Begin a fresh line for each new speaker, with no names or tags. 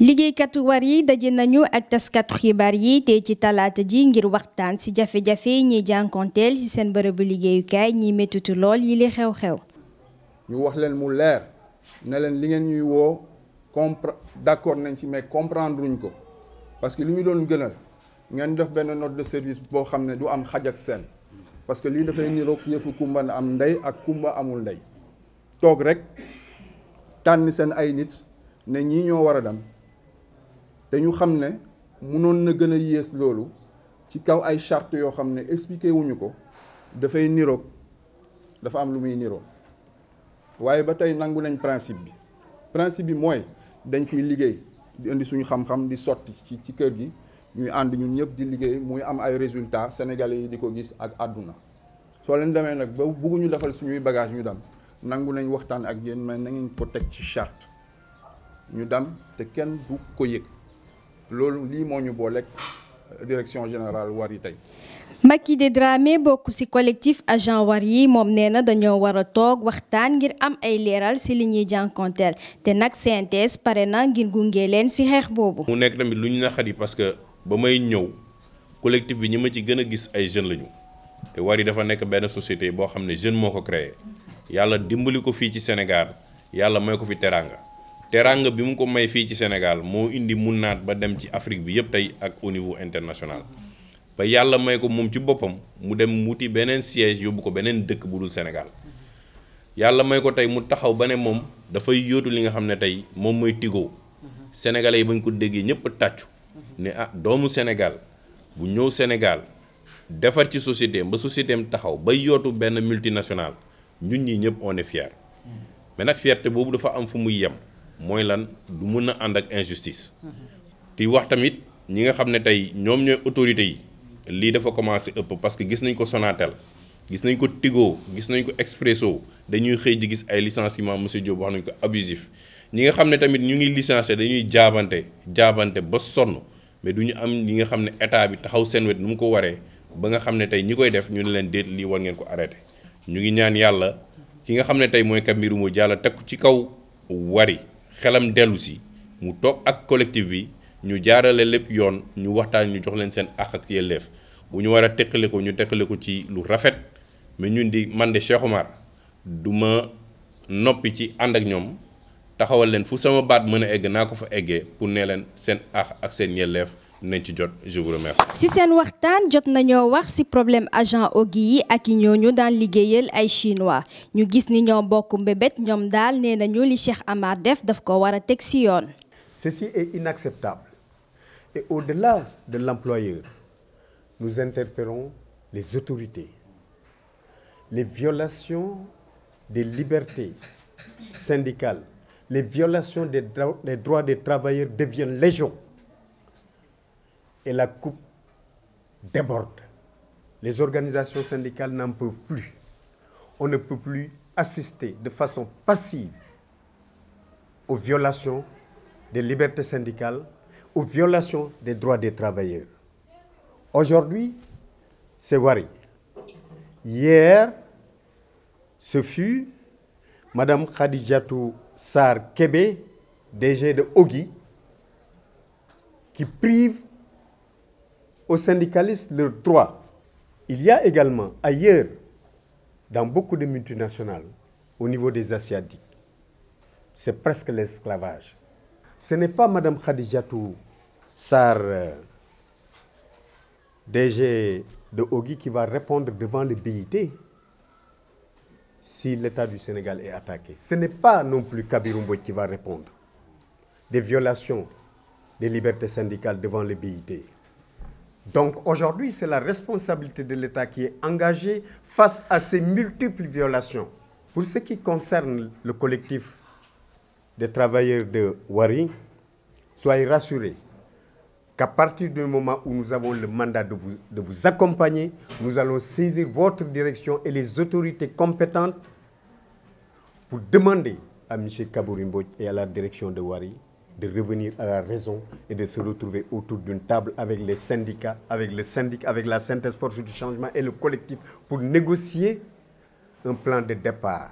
liggéeykat war yi daje nañu ak taskatu xibaar yi tey ci talaata ji ngir waxtaan ci jafe-jafe ñiy jànkonteel ci seen bërëbu liggéeyukaay ñi mettitu lool yi li xew-xew.
ñu wax leen mu leer ne leen li ngeen ñuy woo compre d'accord nañ ci mais comprendre luñ ko parce que li ñu doon gënal ngeen def benn note de service boo xam ne du am xaj ak seen parce que lii dafay niroog yëfu kumba na am ndey ak kumba amul ndey toog rek tànn seen ay nit ne ñi ñoo war a dem. te ñu xam ne mënoon na gën a yées loolu ci kaw ay charte yoo xam ne expliqué wuñu ko dafay niroog dafa am lu muy niroo waaye ba tey nangu nañ principe bi principe bi mooy dañ fiy liggéey di indi suñu xam-xam di sotti ci ci kër gi ñuy ànd ñun ñëpp di liggéey muy am ay résultats sénégalais yi di ko gis ak àdduna soo leen demee nag ba bugguñu defal suñuy bagage ñu dem nangu nañ waxtaan ak yéen mais na ngeen ko teg ci charte ñu dem te kenn du ko yëg loolu lii moo ñu booleeg euh, direction générale war yi tey.
Makindé Dramé bokk ci collectif agent war yi moom nee na dañoo war a toog waxtaan ngir am ay leeral ci li ñuy jànkonteel te nag CNTS pare na ngir gunge leen ci xeex boobu.
mu nekk tamit lu ñu naqari parce que ba may ñëw collectif bi ñu ma ci gën a gis ay jeunes lañu te war yi dafa nekk benn société boo xam ne jeune moo ko créé yàlla dimbali ko fii ci Sénégal yàlla mooy ko fi teraanga. teranga bi mu ko may fii ci Sénégal moo indi mun naat ba dem ci Afrique bi yëpp tey ak au niveau international ba yàlla may ko moom ci boppam mu dem wuti beneen siège yóbbu ko beneen dëkk bu dul senegal yàlla may ko tey mu taxaw ba ne moom dafay yóotu li nga xam ne tey moom mooy Tigo sénégalais yi bañ ko déggee ñëpp tàccu ne ah doomu Sénégal bu ñëw Sénégal defar ci société ba société am taxaw ba yootu benn multinationale ñun ñi ñëpp on est fier mais boobu dafa am fu muy yem. mooy lan du mën a ànd ak injustice. di wax tamit ñi nga xam ne tey ñoom ñooy autorité yi lii dafa commencé ëpp parce que gis nañ ko Sonatel gis nañ ko Tigo gis nañ ko Expresso dañuy xëy di gis ay licenciement monsieur Diop wax nañ ko abusif ñi nga xam ne tamit ñu ngi licencié dañuy jaabante jaabante ba sonn mais du ñu am ñi nga xam ne état bi taxaw seen wet nu mu ko waree ba nga xam ne tey ñi koy def ñu ne leen déet lii war ngeen ko arrêté ñu ngi ñaan yàlla ki nga xam ne tey mooy Kabirou Mbodj yàlla teg ko ci kaw wari xelam dellu si mu toog ak collectif bi ñu jaarale lépp yoon ñu waxtaan ñu jox leen seen àq ak yelleef bu ñu war a teqale ko ñu teqale ko ci lu rafet mais ñun di man de Cheikh du ma noppi ci ànd ak ñoom taxawal leen fu sama baat mën a egg naa ko fa eggee pour ne leen seen àq ak seen yelleef nañ ci jot je si
seen waxtaan jot nañoo wax si problème agent Ogi yi ak yi ñooñu daan liggéeyal ay chinois ñu gis ni ñoom bokk mbébét ñoom daal nee nañu li Cheikh Amar def daf ko war a teg si yoon.
ceci est inacceptable et au-delà de l'employeur nous interpellons les autorités les violations des libertés syndicales les violations des, des droits des travailleurs deviennent légion et la coupe déborde. Les organisations syndicales n'en peuvent plus. On ne peut plus assister de façon passive aux violations des libertés syndicales, aux violations des droits des travailleurs. Aujourd'hui, c'est Wari. Hier, ce fut Madame Khadijatou Sar Kebe, DG de Ogi, qui prive aux syndicalistes leurs droits. Il y a également ailleurs, dans beaucoup de multinationales, au niveau des Asiatiques, c'est presque l'esclavage. Ce n'est pas Mme Khadijatou Sar, euh, DG de Ogi, qui va répondre devant le BIT si l'État du Sénégal est attaqué. Ce n'est pas non plus Kabirumbo qui va répondre des violations des libertés syndicales devant le BIT. Donc aujourd'hui, c'est la responsabilité de l'État qui est engagée face à ces multiples violations. Pour ce qui concerne le collectif des travailleurs de Wari, soyez rassurés qu'à partir du moment où nous avons le mandat de vous, de vous accompagner, nous allons saisir votre direction et les autorités compétentes pour demander à M. Kabourimbo et à la direction de Wari de revenir à la raison et de se retrouver autour d'une table avec les syndicats, avec le syndic, avec la synthèse force du changement et le collectif pour négocier un plan de départ